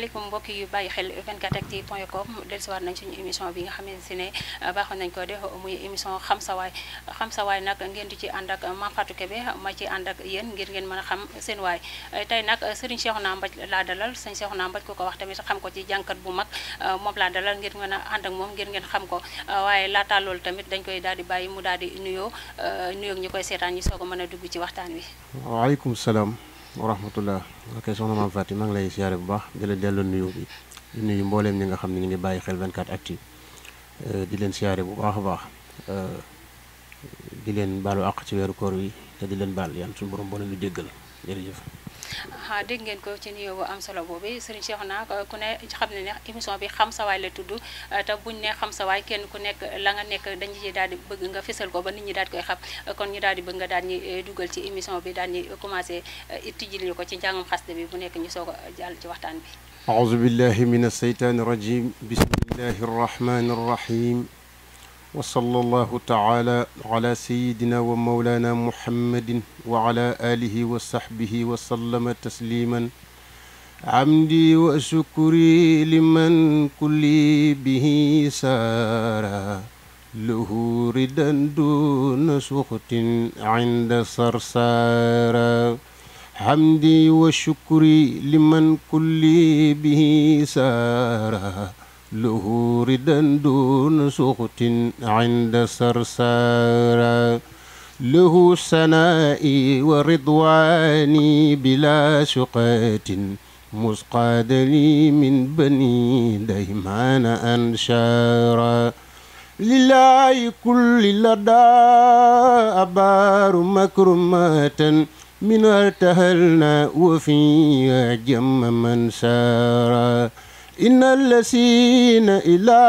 asalaamaaleykum mbokk yu bàyyi xel 24actu point com dellusiwaat nañ suñu émission bi nga xamante ne euh, baaxoon nañ ko def muy émission xam sa waay xam sa waay nag ngeen di ci ànd ak Mame Fatou Kébé ma ci ànd ak yéen ngir ngeen mën a xam seen waay euh, tey nag Serigne Cheikhouna Mbaj laa dalal Serigne Cheikhouna Mbaj ku ko wax tamit xam ko ci jànkat bu mag euh, moom laa dalal ngir mën a ànd ak moom ngir ngeen xam ko waaye laataa loolu tamit dañ koy daal di bàyyi mu daal di nuyoo nuyoo ñu koy seetaan ñu soo ko mën a dugg ci waxtaan wi waaleykum salaam wa rahmatullah ok soxna maam Faty maa ngi lay siyaare bu baax di la delloo nuyu bi di nuyu mbooleem ñi nga xam ni ngi ngi bàyyi xel 24 actu eh, di leen siyaare bu baax a baax eh, di leen baal àq ci weeru koor wi te di leen baal yan suñu borom boo leen di déggal jërëjëf ah dégg ngeen ko ci nuyoo bu am solo boobu Serigne Cheikhouna ku ne xam ne ne émission bi xam sa waay la tudd te buñ ne xam sa waay kenn ku nekk la nga nekk dañu ci daal di bëgg nga fésal ko ba nit ñi daal di koy xam kon ñu daal di bëgg nga daal ñi dugal ci émission bi daal ñi commencé eh, tijjil ko ci njàngum xasida bi bu nekk ñu soog a jàll ci waxtaan bi. aouzu billahi a shaytaani rajim bismillahi rahmani rahim. wa sallallahu taala ala sayidina wa mawlana muhammadin wa ala alihi wa sahbihi wa sallama tasliman amdi wa shukri liman kulli bihi saara lahu ridan duna suxtin inda sarsaara hamdi wa shukri liman kulli bihi saara له ردا دون سخط عند سرسارا له سنائي ورضواني بلا شقات مسقاد لي من بني ديمان أنشارا لله كل لدى أبار مكرمات من ارتهلنا وفيها جم من سارا إن الذين إلى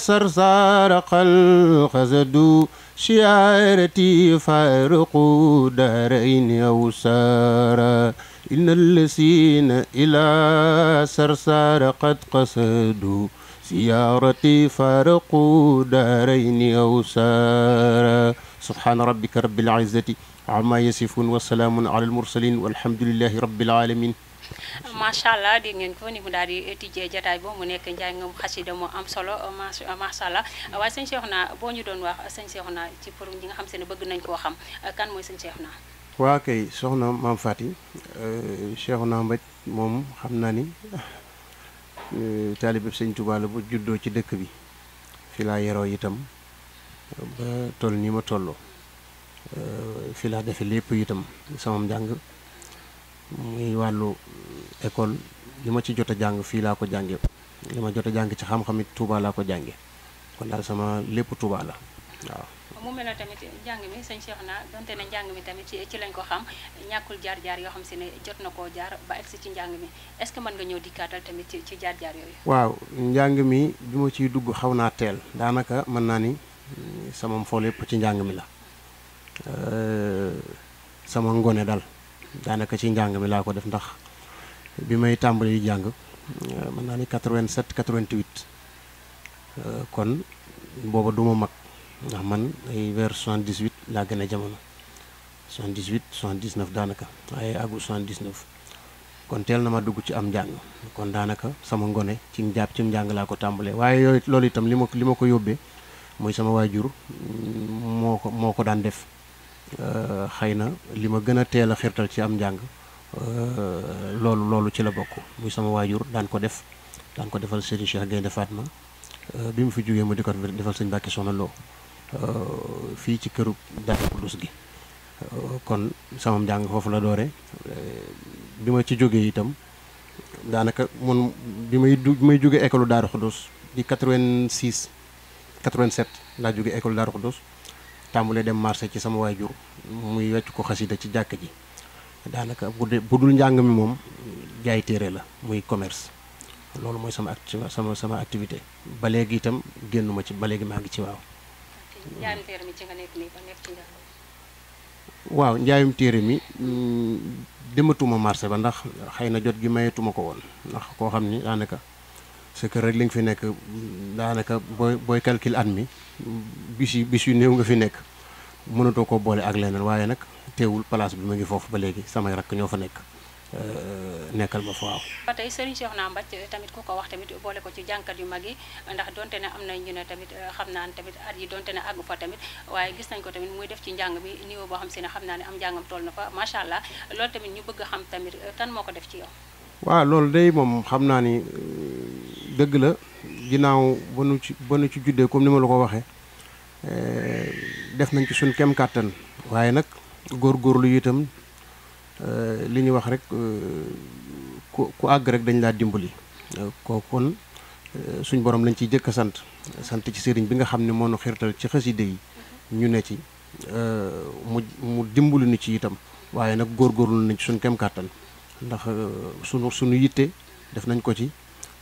سرسار خلق زدوا شعارتي فارقوا دارين أو سارا إن الذين إلى سرسار قد قصدوا سيارتي فارقوا دارين أو سارا سبحان ربك رب العزة عما يصفون وسلام على المرسلين والحمد لله رب العالمين macha allah dégg ngeen ko ni mu daal di tijjee jataay boobu nekk njaay ngam xasida moo am solo macha allah mm. waaye sëñ naa boo ñu doon wax sëñ naa ci pour ñi nga bëgg nañ koo xam kan mooy sëñ Cheikhouna waa kay soxna Fati euh, Cheikhouna Mbaj moom xam naa ni euh, taalibe sëñ Tuubaa la bu juddoo ci dëkk bi fi laa yeroo itam ba toll nii ma tolloo euh, fi laa defe lépp itam sama njàng muy wàllu euh, école li ma ci jot a jàng fii laa ko jànge li ma jot a jàng ci xam-xam it Touba laa ko jànge kon daal sama lépp Touba la waaw. mu mel njàng mi ci lañ ko xam ñàkkul jaar-jaar yoo xam si ne jot na koo jaar ba ci njàng est-ce que mën nga ñëw dikkaatal tamit ci jaar-jaar yooyu. waaw njàng mi bi ma ci dugg xaw naa teel daanaka mën naa ni sama mfool yëpp ci njàng mi la euh, sama ngoone dal daanaka ci njàng mi laa ko def ndax bi may tàmbali jàng euh, mën naa ni 87 88 euh, kon booba du ma mag ndax man ay vers 78 laa gën a jamono 78 79 daanaka waaye àggu 79 kon teel na ma dugg ci am njàng kon daanaka sama ngone ci jàpp ci njàng laa ko tàmbalee waaye yooyu loolu itam li ma li ma ko yóbbee mooy sama waajur mm, moo ko moo ko daan def Euh, xëy na li ma gën a teel a xirtal ci am njàng euh, loolu loolu ci la bokk muy sama waajur daan ko def daan ko defal Serigne Cheikh Gaynde Fatma euh, bi mu fi jógee ma di ko defal sëñ Mbàkke Soxna Lo fii ci këru Daaru Xudoos gi kon sama njàng foofu la doore bi ma ci jógee itam daanaka mun bi may du may jógee école Daaru Xudoos di 86 87 laa jógee école Daaru Xudoos tàmbalee dem marché ci sama waajur muy wecc ko xasida ci jàkk ji daanaka bu dee bu dul njàng mi moom jaay téere la muy commerce loolu mooy sama act sama sama activité ba léegi itam génnuma ci ba léegi maa ngi ci waaw. waaw njaayum téere mi mm, dematuma marché ba ndax xëy na jot gi mayetuma ko woon ndax koo xam ni daanaka. sa kër rek li nga fi nekk daanaka booy booy calcul at mi bis yi yu néew nga fi nekk mënatoo koo boole ak leneen waaye nag teewul place bi mu ngi foofu ba léegi sama rakk ñoo fa nekk euh, nekkal ma fa ba tey Serigne Cheikhouna Mbathie tamit ku ko wax tamit boole ko ci jànkat yu mag yi ndax donte ne am na ne tamit euh, xam naa ne tamit at yi donte ne àggu fa tamit waaye gis nañ ko tamit muy def ci njàng bi niveau boo xam si ne xam naa ne am njàngam toll na fa macha allah lool tamit ñu bëgg xam tamit euh, kan moo ko def ci yow. waaw loolu day moom xam naa ne dëgg la ginnaaw ba nu ci ba nu ci juddee comme ni ma la ko waxee eh, def nañ ci suñ kem kàttan waaye nag góor góorgóorlu itam eh, li ñu wax rek eh, ku ku àgg rek dañ laa dimbali. kooku kon suñ borom lañ ciy jëkk a sant sant ci sëriñ bi nga xam ne moom nu xirtal ci xaside yi ñu ne ci mu mu dimbali nu ci itam waaye nag góor góorlu nañ ci suñ kem kàttan ndax sunu suñu yitte def nañ ko ci.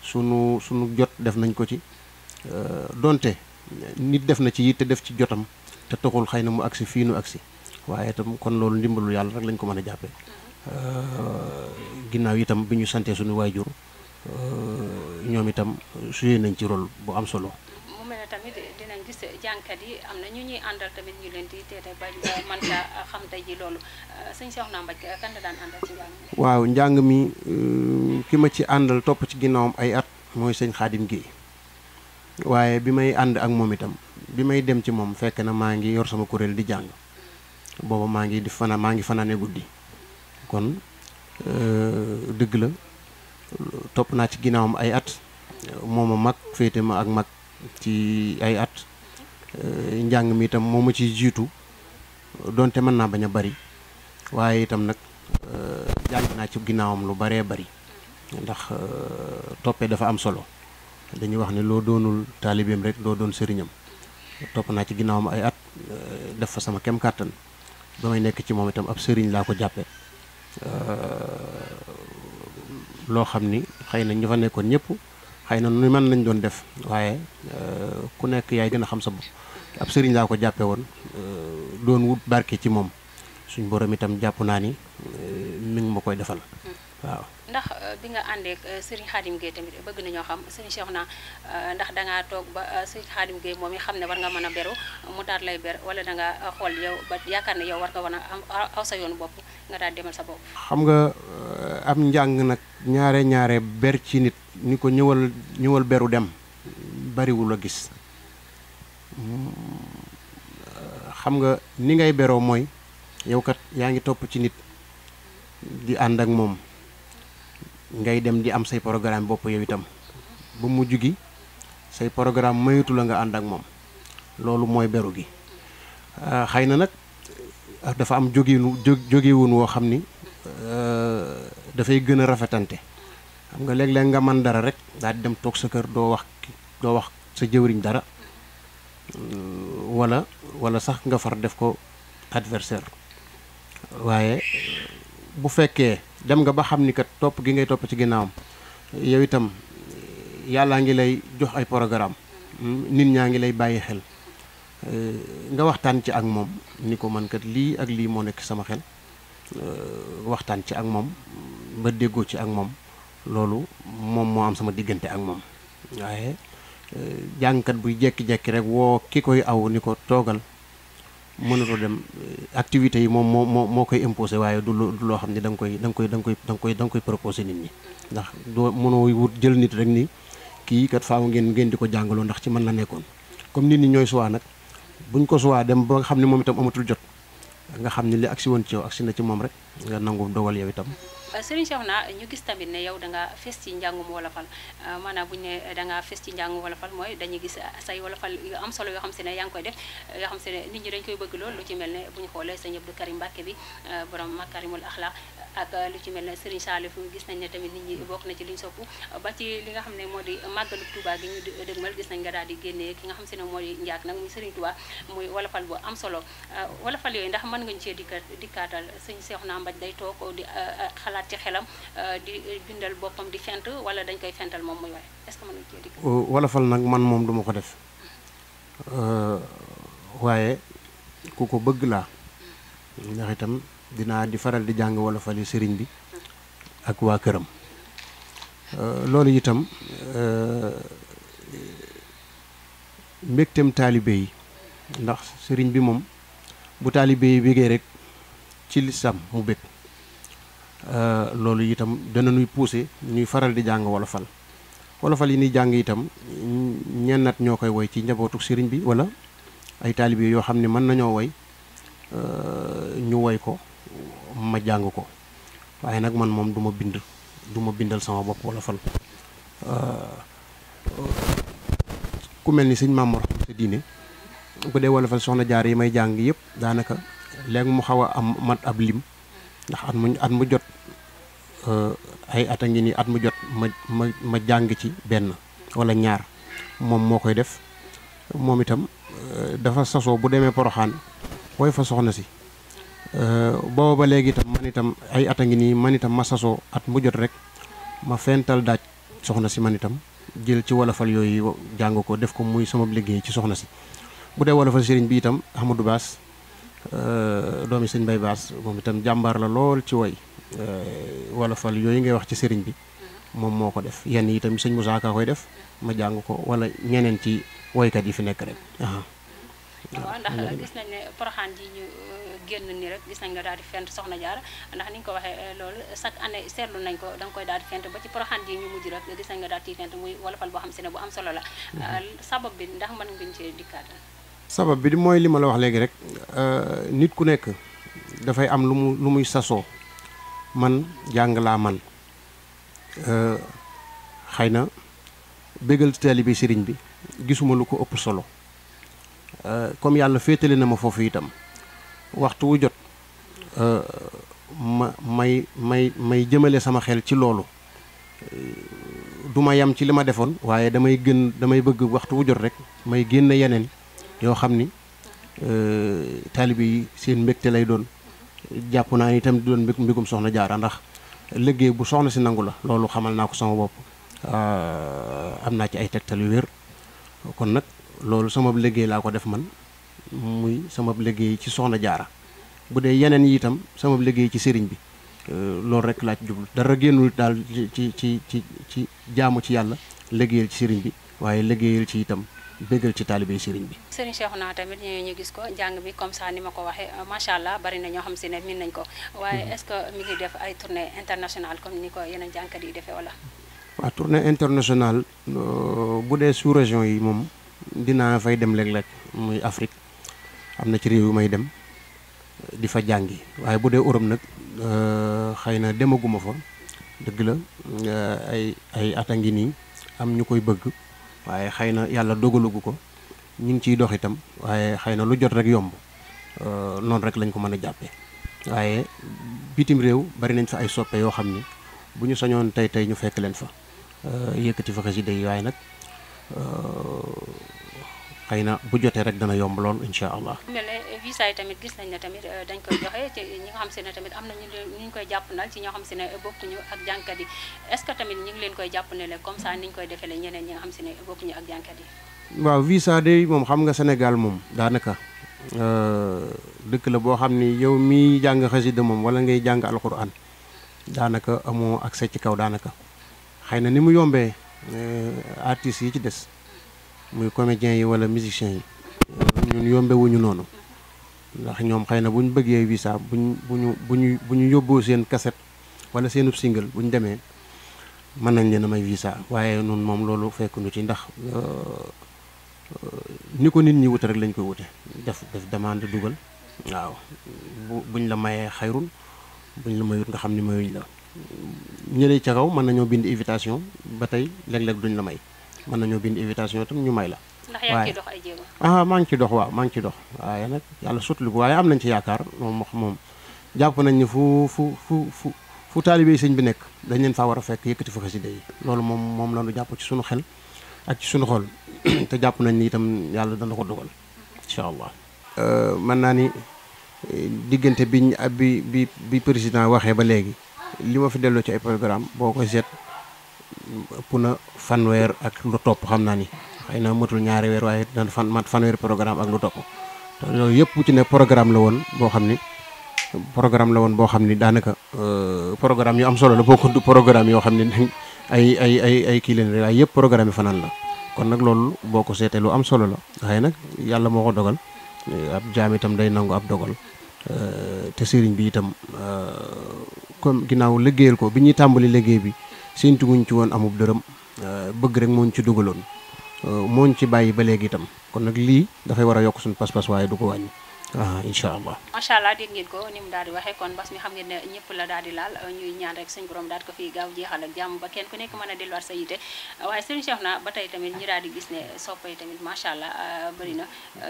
sunu sunu jot def nañ ko ci euh, donte nit def na ci yitte def ci jotam te taxul xëy na mu agsi fii nu agsi waaye itam kon loolu ndimbalu yàlla rek lañ ko mën a jàppee euh, ginnaaw itam bi ñu santee suñu waajur euh, ñoom itam suyee nañ ci rôle bu am solo. jàngkat euh, njàng mi waaw njàng mi euh, ki ma ci àndal topp ci ginnaawam ay at mooy sëñ Xaadim waaye bi may ànd ak moom itam bi may dem ci moom fekk na maa ngi yor sama kuréel di jàng maa ngi di fana maa ngi fanaane guddi kon euh, dëgg topp naa ci ginnaawam ay at mooma mag féete ma ak mag ci ay at Eh, njàng mi itam moom ma ciy jiitu donte mën naa bañ a bari waaye itam nag eh, jàng naa ci ginnaawam lu baree bari ndax eh, toppee dafa am solo dañuy wax ne loo doonul taalibeem rek doo doon sëriñam topp naa ci ginnaawam ay at def fa sama kem kàttan ba may nekk ci moom itam ab sëriñ laa ko jàppe loo xam ni xëy na ñu fa nekkoon ñëpp xay na nu man nañ doon def waaye euh, ku nekk yaay gën a xam sa bopp ab sëriñ laa ko jàppe woon euh, doon wut barke ci moom suñ boroom itam jàpp naa ni euh, mi ngi ma koy defal hmm. waaw ndax bi nga àndeek ak Serigne Khadim tamit bëgg nañoo xam Serigne Cheikhouna ndax dangaa toog ba Serigne Khadim Gueye moom yi xam ne war nga mën a beru mu daal lay ber wala danga xool yow ba yaakaar ne yow war nga war a am aw sa yoonu bopp nga daal demal sa bopp. xam nga am njàng nag ñaare ñaare ber ci nit ni ko ñëwal ñëwal beru dem bariwul a gis xam nga ni ngay beroo mooy yow kat yaa ngi topp ci nit di ànd ak moom ngay dem di am say programme bopp yow itam ba mu gi say programme mayutu la nga ànd ak moom loolu mooy beru gi ah, xëy na nag dafa am jóginu jógiwun woo xam ni ah, dafay gën a rafetante xam nga léeg leen nga man dara rek daal di dem toog sa kër doo wax doo wax sa jëwriñ dara euh, walla wala sax nga far def ko adversaire waaye bu fekkee dem nga ba xam ni kat topp gi ngay topp ci ginnaawam yow itam euh, yàllaa ngi lay jox ay programme hmm, nit ñaa ngi lay bàyyi xel euh, nga waxtaan ci ak moom ni ko man kat lii ak lii moo nekk sama xel waxtaan ci ak moom ba déggoo ci ak moom loolu moom moo am sama diggante ak moom waaye eh, jàngkat buy jekki-jekki rek woo ki koy aw ni ko toogal mënatoo dem eh, activités yi moom moo moo moo koy imposé waaye du du loo xam ne da nga koy da nga koy da nga koy da koy da koy proposé nit ñi ndax doo mënoo wut jël nit rek ni kii kat faaw ngeen ngeen di ko jàngaloo ndax ci man na nekkoon comme nit ñi ñooy suwaa nag buñ ko suwaa dem ba xam ne moom itam amatul jot nga xam ni li agsi woon ci yow agsi na ci moom rek nga nangu dogal yow itam. Euh, sëriñ Cheikhouna ñu gis tamit ne yow da nga fes ci njàngum wolofal euh, maanaam bu ñu ne da nga fes ci njàngum wolofal mooy dañuy gis euh, say wolofal yu am solo yoo xam si ne yaa ngi koy def yoo xam si ne nit ñi dañ koy bëgg lool lu ci mel ne bu ñu xoolee sëñ Abdou Karim Mbacke bi borom makarimul axlaq ak lu ci mel ne Serigne Salif gis nañ ne tamit nit ñi bokk na ci li ñu sopp ba ci li nga xam ne moo di màggalu Touba gi ñu dëgmal nañ nga daal di génnee ki nga xam si ne moo di njaag nag muy Serigne Touba muy wolofal am solo uh, wolofal yooyu ndax mën nga ñu cee dikka dikkaatal sëñ Seexuna Mbaj day toog di uh, uh, xalaat ci xelam di bindal boppam di fent wala dañ koy fental moom muy waay est-ce que nag man moom duma ko def waaye ku ko bëgg laa mm-hmm. ndax itam dinaa di faral di jàng wolofali sëriñ bi ak waa këram euh, loolu itam euh, mbégteem taalibe yi ndax sëriñ bi moom bu taalibe yi bégee rek ci lislam mu bég euh, loolu itam dana nuy pousser ñuy faral di jàng wolofal wolofal yi ni jàng yitam ñennat ñoo koy woy ci njabootu sëriñ bi wala ay taalibe yoo xam ne mën nañoo woy ñu woy ko ma jàng ko waaye nag man moom duma bind du ma bindal sama bopp wala fal ku mel ni sëñ Maam Mor Anta Diine bu dee wala soxna jaar yi may jàng yëpp daanaka léegi mu xaw a am mat ab lim ndax at mu at mu jot eh, ay ata a ngi nii at mu jot ma ma ma jàng ci benn wala ñaar moom moo koy def moom itam eh, dafa sasoo bu demee poroxaan woy fa soxna si Euh, booba ba léegi itam man itam ay at a ngi nii man itam ma sasoo at mu jot rek ma fental daaj soxna si man itam jël ci wolofal yooyu jàng ko def ko muy sama liggéey ci soxna si bu dee wolofal sëriñ bi itam Ahmadou Baas euh, doomi sëñ Mbay Baas moom itam jàmbaar la lool ci woy euh, wolofal yooyu ngay wax ci sëriñ bi moom moo ko def yenn itam sëñ Moussa Ka koy def ma jàng ko wala ñeneen ci woykat yi fi nekk rek. génn ni rek gis nañ nga daal di fent soxna jaar ndax ni nga ko waxee eh, loolu chaque année seetlu nañ ko da koy daal di fent ba ci poroxaan ji ñu mujj rek gis nañ nga daal di fent muy wolofal boo xam si ne bu am solo la mm-hmm. euh, sabab bi ndax mën ngañ cee dikkaatal sabab bi mooy li ma wax léegi rek euh, nit ku nekk dafay am lu mu lu muy sasoo man jàng laa man euh, xëy na bégal taalibe sëriñ bi gisuma lu ko ëpp solo comme yàlla féetale na ma foofu itam waxtu wu jot euh, ma may may may jëmale sama xel ci loolu euh, du ma yam ci li ma defoon waaye damay gën damay bëgg waxtu wu jot rek may génn yeneen yoo xam ni euh, taalibe yi seen mbégte lay doon jàpp naa ni itam di doon mbégum soxna jaara ndax liggéey bu soxna si nangu la loolu xamal naa ko sama bopp am naa ci ay tegtal yu wér kon nag loolu sama liggéey laa ko def man muy sama liggéey ci soxna jaara bu dee yeneen yi itam sama liggéey ci sëriñ bi euh, loolu rek laaj ci dara génnul daal ci ci ci ci jaamu ci yàlla liggéeyal ci sëriñ bi waaye liggéeyal ci itam bëggal ci taalibe sëriñ bi sëriñ Cheikhouna tamit ñu gis ko jàng bi comme ça ni ma ko waxee macha allah bari na ñoo xam si ne min nañ ko waaye mm-hmm. est-ce que mi ngi def ay tournée internationale comme ni ko yeneen jànkat yi defee wala waaw tournée internationale euh, bu dee sous région yi moom dinaa fay dem léeg muy Afrique am na ci réew yu may dem di fa jàngi waaye bu dee Europe nag euh, xëy na demaguma fa dëgg la euh, ay ay at a ngi nii am ñu koy bëgg waaye xëy na yàlla dogalugu ko ñu ngi ciy dox itam waaye xëy na lu jot rek yomb euh, noonu rek lañ ko mën a jàppee waaye bitim réew bari nañ fa ay soppe yoo xam ni bu ñu sañoon tey tey ñu fekk leen fa yëkkati fa xasida yi waaye nag xëy na bu jotee rek dana yomb lool incha allah. mel ne visa yi tamit gis nañ ne tamit euh, dañ koy joxe ci ñi nga xam si ne tamit am na ñu ñu xam si ne bokkuñu ak jànkat yi est-ce que tamit ñu koy jàppandale comme ça ni ñu koy defee ñeneen ñi nga ak jànkat yi. waaw visa de moom xam nga Sénégal moom daanaka euh, dëkk la boo xam ni yow mii jàng xasida moom wala ngay jàng alquran daanaka amoo accès ci kaw daanaka xëy na ni mu yombee euh, artistes yi ci des. muy comédiens yi wala musiciens yi euh, ñun yombewuñu noonu ndax ñoom xëy na bu ñu bëggee visa buñ bu ñu bu ñu yóbboo seen cassette wala seenub single bu ñu demee mën nañ leen a may visa waaye noonu moom loolu fekk nu ci ndax euh, euh, ni ko nit ñi wute rek lañ koy wute def def demande dugal waaw bu buñ la mayee xayrun buñ la mayut nga xam ni mayuñ la ñeneen ca kaw mën nañoo bind invitation ba tey léeg-léeg duñ la may mën nañoo bind invitation itam ñu may la. ndax yaa ngi dox ay jéego ah maa ngi ciy dox waaw maa ngi ciy dox waaye nag yàlla sotlu waaye am nañ ci yaakaar moom moom jàpp nañ ni fu fu fu fu fu taalibe sëñ bi nekk dañ leen faa war a fekk yëkkati fa xasida yi loolu moom moom la jàpp ci sunu xel ak ci sunu xol te jàpp nañ ni itam yàlla dana ko dugal incha allah. Euh, mën naa ni euh, diggante biñ bi bi bi président waxee ba léegi li ma fi delloo ci ay programme boo koy seet ëpp na fanweer ak lu topp xam naa ni xëy na matul ñaari weer waaye daan fan mat fanweer programme ak lu topp te loolu yëpp bu ne programme la woon boo xam ni programme la woon boo xam ni daanaka euh, programme yu am solo la bokkul du programme yoo xam ne ay ay ay ay kii leen rek waaye yëpp programme yi fanaan la kon nag loolu boo ko seetee lu am solo la waaye nag yàlla moo ko dogal euh, ab jaam itam day nangu ab dogal euh, te sëriñ bi itam comme ginnaaw liggéeyal ko bi ñuy tàmbali liggéey bi séntu ci woon amub dërëm euh, bëgg rek mooñ ci dugaloon euh, mooñ ci bàyyi ba léegi itam kon nag lii dafay war a yokk suñu pas waaye du ko wàññi. ah incha allah macha dégg ngeen ko ni mu daal di waxee kon bas mi xam ngeen ne ñëpp la daal di laal ñuy ñaan rek suñu borom daal ko fi gaaw jeexal ak jàmm ba kenn ku nekk mën a delluwaat sa yite waaye sëriñ Cheikh na ba tey tamit ñu daal di gis ne soppay tamit macha allah euh, bëri na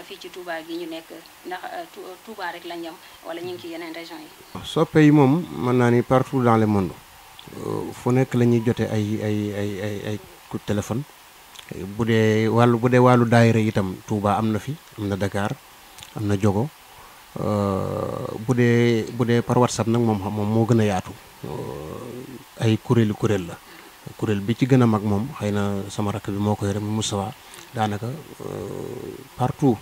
fii ci tuubaa gi ñu nekk ndax Touba rek la ñam wala ñu ngi yeneen région yi soppe mën naa ni partout dans le monde fu nekk la ñuy jote ay ay ay ay ay téléphone bu dee wàllu bu dee wàllu daayira itam Touba am na fi am na dakaar am na Jogo euh, bu dee bu dee par WhatsApp nag moom moom moo gën a yaatu euh, ay kuréelu kuréel la kuréel bi ci gën a mag moom xëy na sama rakk bi moo ko yore mu Moustapha daanaka euh, partout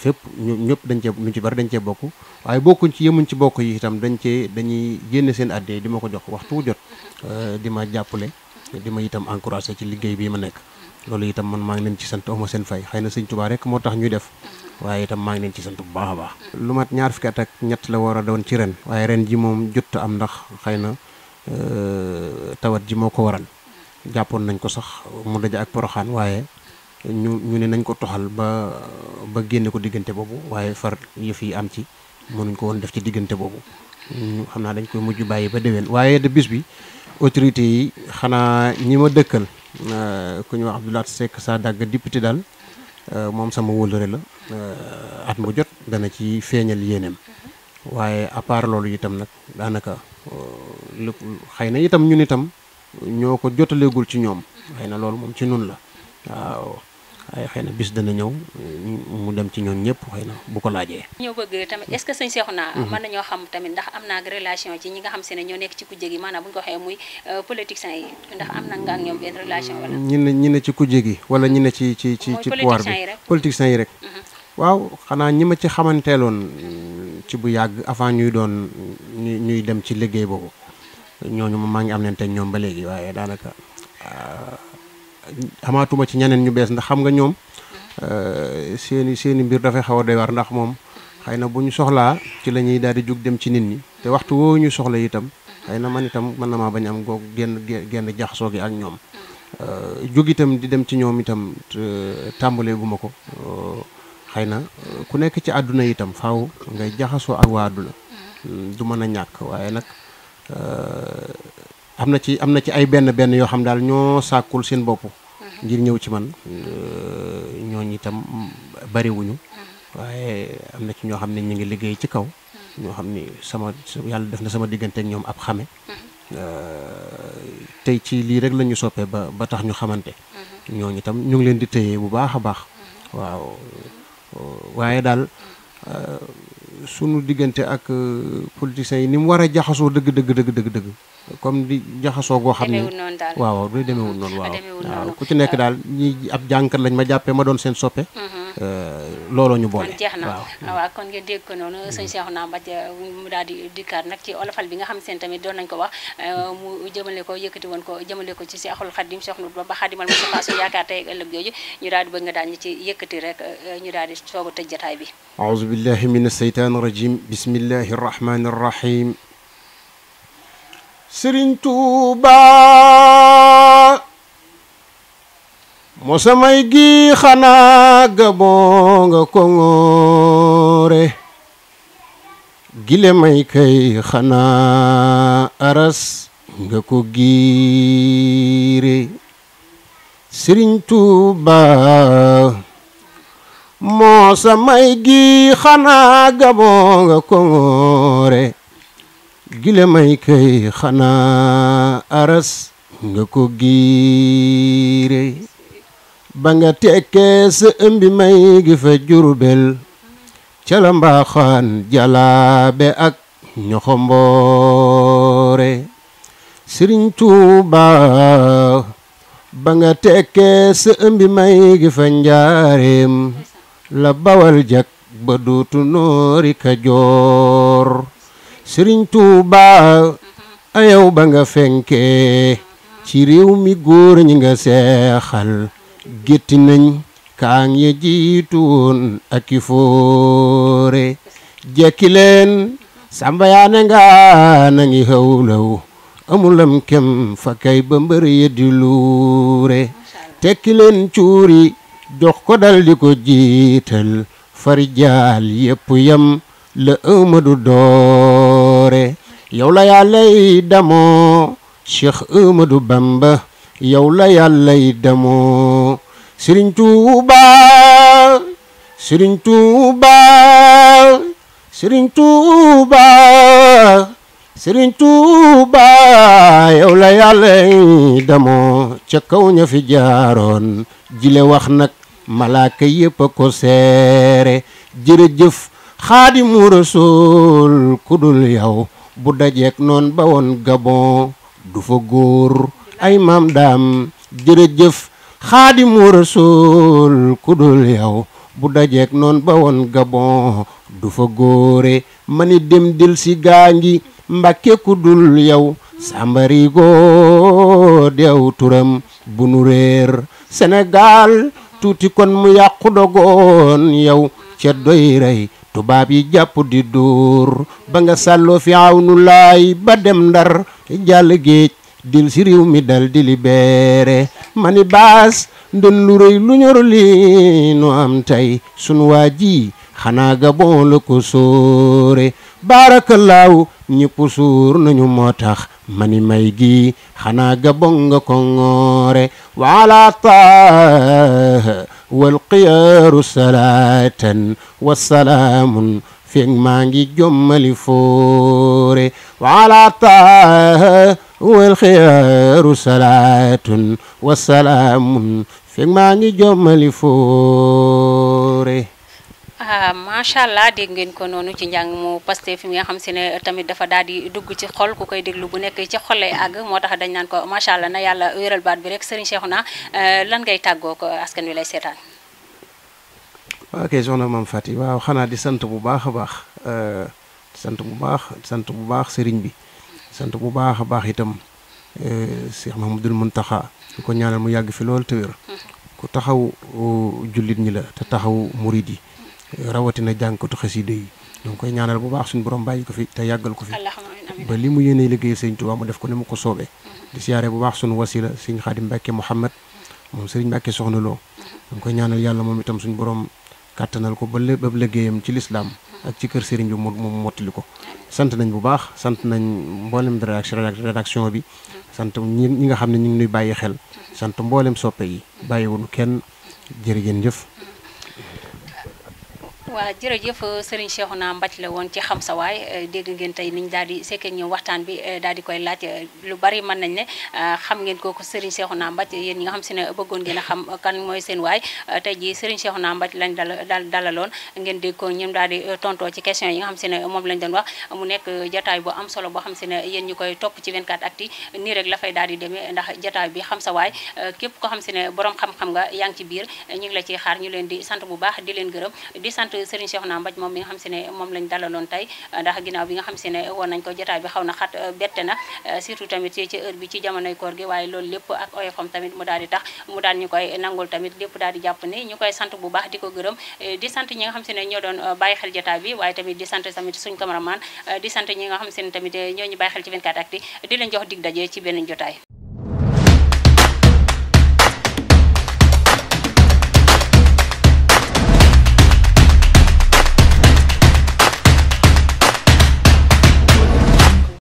fépp ñu ñëpp dañ cee ñu ci bari dañ cee bokk waaye bokkuñ ci yemuñ ci bokk yi itam dañ cee dañuy génn seen àddee di ma ko jox waxtu jot euh, di ma jàppale di ma itam encouragé ci liggéey bii ma nekk loolu itam man maa ngi leen ci sant ma seen fay xëy na sëñ Tuubaa rek moo tax ñuy def waaye itam maa ngi leen ci sant bu baax a baax lu mat ñaar fukki at ak ñett la war a doon ci ren waaye ren ji moom jot am ndax xëy na euh, tawat ji moo ko waral jàppoon nañ ko sax mu daje ak waaye ñu ñu ne nañ ko toxal ba ba génne ko diggante boobu waaye far yëf yi am ci mënuñ ko woon def ci diggante boobu ñu xam naa dañ koy mujj bàyyi ba déwén waaye de bis bi autorité yi xanaa ñi ma dëkkal euh, ku ñu wax Abdoulaye Seck saa dàgg député daal euh, moom sama wóllëre la euh, at mu jot dana ci feeñal yéeneem waaye à part loolu itam nag daanaka lépp xëy na itam ñun itam ñoo ko jotaleegul ci ñoom xëy na loolu moom ci nun la waaw ay xëy na bis dana ñëw mu dem ci ñoom ñëpp xëy na bu ko laajee. ñoo bëgg est-ce que sëñ Seexuna mhm. mën nañoo xam tamit am naa relation ci ñi nga ñoo nekk ci kujje gi maanaam bu ñu ko waxee muy euh, politiciens yi ndax na ci kujje gi wala ñi ne ci ci ci ci pouvoir bi politiciens yi rek. Mhm. waaw xanaa ñi ma ci xamanteeloon euh, ci bu yàgg avant ñuy doon ñuy dem ci liggéey boobu ñooñu maa ngi am leen te ñoom ba léegi waaye daanaka. Ah, xamaatuma ci ñeneen ñu bees ndax xam nga ñoom euh, seeni seeni mbir dafay xaw a doy war ndax moom xëy na bu ñu soxlaa ci la ñuy daal di jóg dem ci nit ñi te waxtu woo ñu soxla itam xëy na man itam mën na maa bañ am goog genn genn jaxasoo gi ak ñoom euh, jóg itam di dem ci ñoom itam tàmbaleeguma ko euh, xëy na ku nekk ci àdduna itam faaw ngay jaxasoo ak waa àdduna du mën a ñàkk waaye nag am na ci am na ci ay benn benn yoo xam daal ñoo sàkkul seen bopp mhm. ngir ñëw ci man euh, ñooñ itam bariwuñu mhm. waaye am na ci ñoo xam ne ñu ngi liggéey ci kaw mhm. ñoo xam ni sama yàlla def na sama diggante ñoom ab xame euh, tey ci lii rek lañu ñu soppee ba ba tax ñu xamante ñooñu itam ñu ngi leen di téye bu baax a baax waaw waaye daal Euh, sunu diggante ak euh, politiciens yi ni mu war a jaxasoo dëgg dëgg dëgg dëgg comme di jaxasoo goo xam ne waaw waaw du demeewul noonu waaw ku ci nekk euh, daal ñii ab jànkat lañ ma jàppee ma doon seen soppe mhm. Euh, looloo ñu boole. jeex na ah, waaw kon ngeen dégg ko noonu mm. sëñ Cheikhouna Mbathie euh, mu daal dikkaat nag ci olofal bi nga xam seen tamit doon nañ ko wax euh, mu jëmale ko yëkkati woon ko jëmale ko ci Cheikhul Khadim Cheikh Nut ba Khadimal Moustapha su yaakaar tey ëllëg jooju ñu daal di bëgg nga daal ñu ci yëkkati rek ñu daal di a tëj jataay bi. aouzu billahi min asheytaan rajim bismillahi rahmani rahim. Sëriñ Tuubaa mosamay gi xanaa gabon nga kongoore gile may kay xanaa aras nga ko giire sëriñ Tuuba moo samay gi xanaa gabon nga kongoore gile may kay xanaa aras nga ko giire ba nga tekkee sa ëmbi may gi fa jurubel ca la mbaaxaan jalaabe ak ñoxomboore sëriñ tuuba ba nga tekkee sa ëmbi may gi fa njaareem la bawal jak ba duutu noori kajoor sëriñ tuuba ayaw ba nga fenkee ci réew mi góor ñi nga seexal gétti nañ kaang ya jiitu woon ak i foore jekki leen samba yaane nga na ngi hawlaw amulam kem fa kay ba mbër ya di luure tekki cuuri jox ko dal di ko jiital fari yépp yam la ëmadu doore yow la yàllay damoo cheikh ëmadu bamba yow la yàllay demoo sëriñ tuuba sëriñ tuuba sëriñ tuuba sëriñ tuuba yow la yàllay demoo ca kaw ña fi jaaroon jile wax nag malaaka yépp a ko seere jërëjëf xaadimu rasul ku dul bu dajeek noon ba woon gabon du fa góor ay maam daam jërëjëf xaadimu rasul ku dul bu dajeek noon ba woon gabon du fa góore mani dem dil si gaa ngi mbàkke ku dul yow sàmbarigo deew turam bu nu réer senegal tuuti kon mu yàqu dogoon yow ca doy rey tubaab yi jàpp di dóor ba nga sàlloo fi aw ba dem ndar jàll géej dil si réew mi dal di libéré mani baas ndon lu rëy lu ñor li nu am tey sunu waa ji xanaa gabon la ko sóore baarakallaahu ñëpp suur nañu moo tax mani may gi xanaa gabon nga ko ngoore waala taha walqiyaaru salaatan wasalaamun feeg maa ngi jommali foore waala taha والخيار صلاة وسلام fekk ah, maa ngi jommali foore macha allah dégg ngeen ko noonu ci njàng mu Pastef fi nga xam si ne tamit dafa daal di dugg ci xol ku koy déglu bu nekk ci xol àgg moo tax dañ naan ko macha na yàlla wéral baat bi rek Serigne Cheikhouna eh, lan ngay tàggoo ko askan wi lay seetaan ok soxna Fati waaw xanaa di sant bu baax a baax eh, sant bu baax sant bu baax sëriñ bi sant bu baax a baax itam e, Cheikh Mahmoudul Muntaxa di ko ñaanal mu yàgg fi loolu te ku taxaw jullit ñi la te taxaw murid yi rawatina jànkatu xasida yi donc koy ñaanal bu baax suñu borom bàyyi ko fi te yàggal ko fi ba li mu yéene liggéey sëñ Tuubaa mu def ko ne mu ko soobee di siyaare bu baax suñu wasila sëñ Xaadim Mbàkke Muhammad moom sëriñ Mbàkke soxna loo donc koy ñaanal yàlla moom itam suñu borom kàttanal ko ba lépp léggéeyam ci lislaam ak ci kër sëriñ bi mu mottili ko sant nañ bu baax sant nañ mboolem rédaction bi sant ñi ñi nga xam ne ñu ngi nuy bàyyi xel sant mboolem soppe yi bàyyiwunu kenn jërë ngeen jëf waaw jërëjëf euh, Serigne Cheikhouna Mbathie la woon ci xam sa waay euh, dégg ngeen tey niñ daal di sekkee ñëw waxtaan bi euh, daal di koy laaj lu bari mën nañ ne xam ngeen kooku Serigne naa Mbathie yéen ñi nga xam si ne bëggoon ngeen a xam kan mooy seen waay tey ji Serigne Cheikhouna Mbathie lañ dal dal dalaloon ngeen dégg ko ñoom daal di tontoo ci question yi nga xam si ne moom lañ doon wax mu nekk jataay bu am solo boo xam si ne yéen ñu koy topp ci 24 actu nii rek la fay daal di demee ndax jataay bi xam sa waay képp ko xam si ne borom xam nga yaa ngi ci biir ñu ngi la ciy xaar ñu leen di sant bu baax di leen gërëm Serigne Cheikhouna Mbaj moom mi nga xam si ne moom lañ dalaloon tey ndax ginnaaw bi nga xam si ne woon nañ ko jotaay bi xaw na xat bette na surtout tamit ci ci heure bi ci jamonoy koor gi waaye loolu lépp ak oyofam tamit mu daal di tax mu daal ñu koy nangul tamit lépp daal di jàpp ni ñu koy sant bu baax di ko gërëm di sant ñi nga xam si ne ñoo doon bàyyi xel jotaay bi waaye tamit di sant tamit suñ cameraman di sant ñi nga xam si ne tamit ñoo ñu bàyyi xel ci 24actu di leen jox dig daje ci beneen jotaay